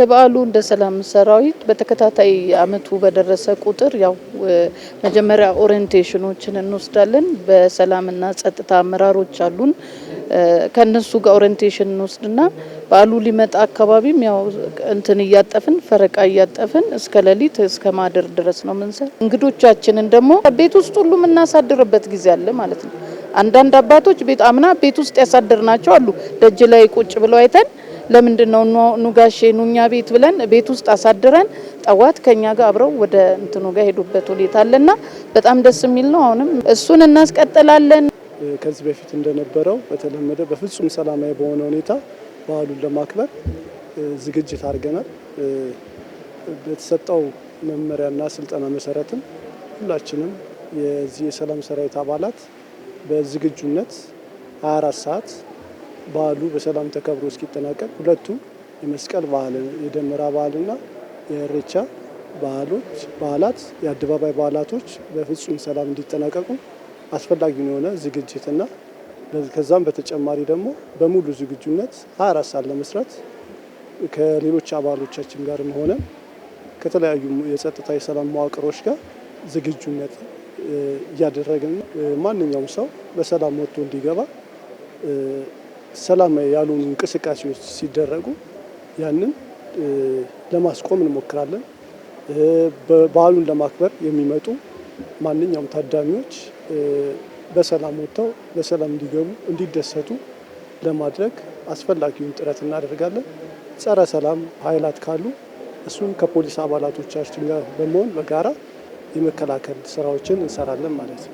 ለበዓሉ እንደ ሰላም ሰራዊት በተከታታይ አመቱ በደረሰ ቁጥር ያው መጀመሪያ ኦሪንቴሽኖችን እንወስዳለን። በሰላምና ጸጥታ አመራሮች አሉን። ከነሱ ጋር ኦሪንቴሽን እንወስድና በዓሉ ሊመጣ አካባቢም ያው እንትን እያጠፍን ፈረቃ እያጠፍን እስከ ሌሊት እስከ ማደር ድረስ ነው ምንሰር። እንግዶቻችንን ደግሞ ቤት ውስጥ ሁሉ የምናሳድርበት ጊዜ አለ ማለት ነው። አንዳንድ አባቶች አምና ቤት ውስጥ ያሳደርናቸው አሉ። ደጅ ላይ ቁጭ ብለው አይተን ለምንድን ነው ኑጋሼ ኑኛ ቤት ብለን ቤት ውስጥ አሳድረን ጠዋት ከኛ ጋር አብረው ወደ እንትኑ ጋር ሄዱበት ሁኔታ አለና በጣም ደስ የሚል ነው። አሁንም እሱን እናስቀጥላለን። ከዚህ በፊት እንደነበረው በተለመደ በፍጹም ሰላማዊ በሆነ ሁኔታ ባህሉን ለማክበር ዝግጅት አድርገናል። በተሰጠው መመሪያና ስልጠና መሰረትም ሁላችንም የዚህ የሰላም ሰራዊት አባላት በዝግጁነት 24 ሰዓት በዓሉ በሰላም ተከብሮ እስኪጠናቀቅ ሁለቱ የመስቀል በዓል የደመራ በዓልና የእሬቻ ባህሎች በዓላት የአደባባይ በዓላቶች በፍጹም ሰላም እንዲጠናቀቁ አስፈላጊውን የሆነ ዝግጅትና ከዛም በተጨማሪ ደግሞ በሙሉ ዝግጁነት 24 ሰዓት ለመስራት ከሌሎች አባሎቻችን ጋርም ሆነ ከተለያዩ የጸጥታ የሰላም መዋቅሮች ጋር ዝግጁነት እያደረግን ማንኛውም ሰው በሰላም ወጥቶ እንዲገባ ሰላም ያሉ እንቅስቃሴዎች ሲደረጉ ያንን ለማስቆም እንሞክራለን። በዓሉን ለማክበር የሚመጡ ማንኛውም ታዳሚዎች በሰላም ወጥተው በሰላም እንዲገቡ እንዲደሰቱ ለማድረግ አስፈላጊውን ጥረት እናደርጋለን። ጸረ ሰላም ኃይላት ካሉ እሱን ከፖሊስ አባላቶቻችን ጋር በመሆን በጋራ የመከላከል ስራዎችን እንሰራለን ማለት ነው።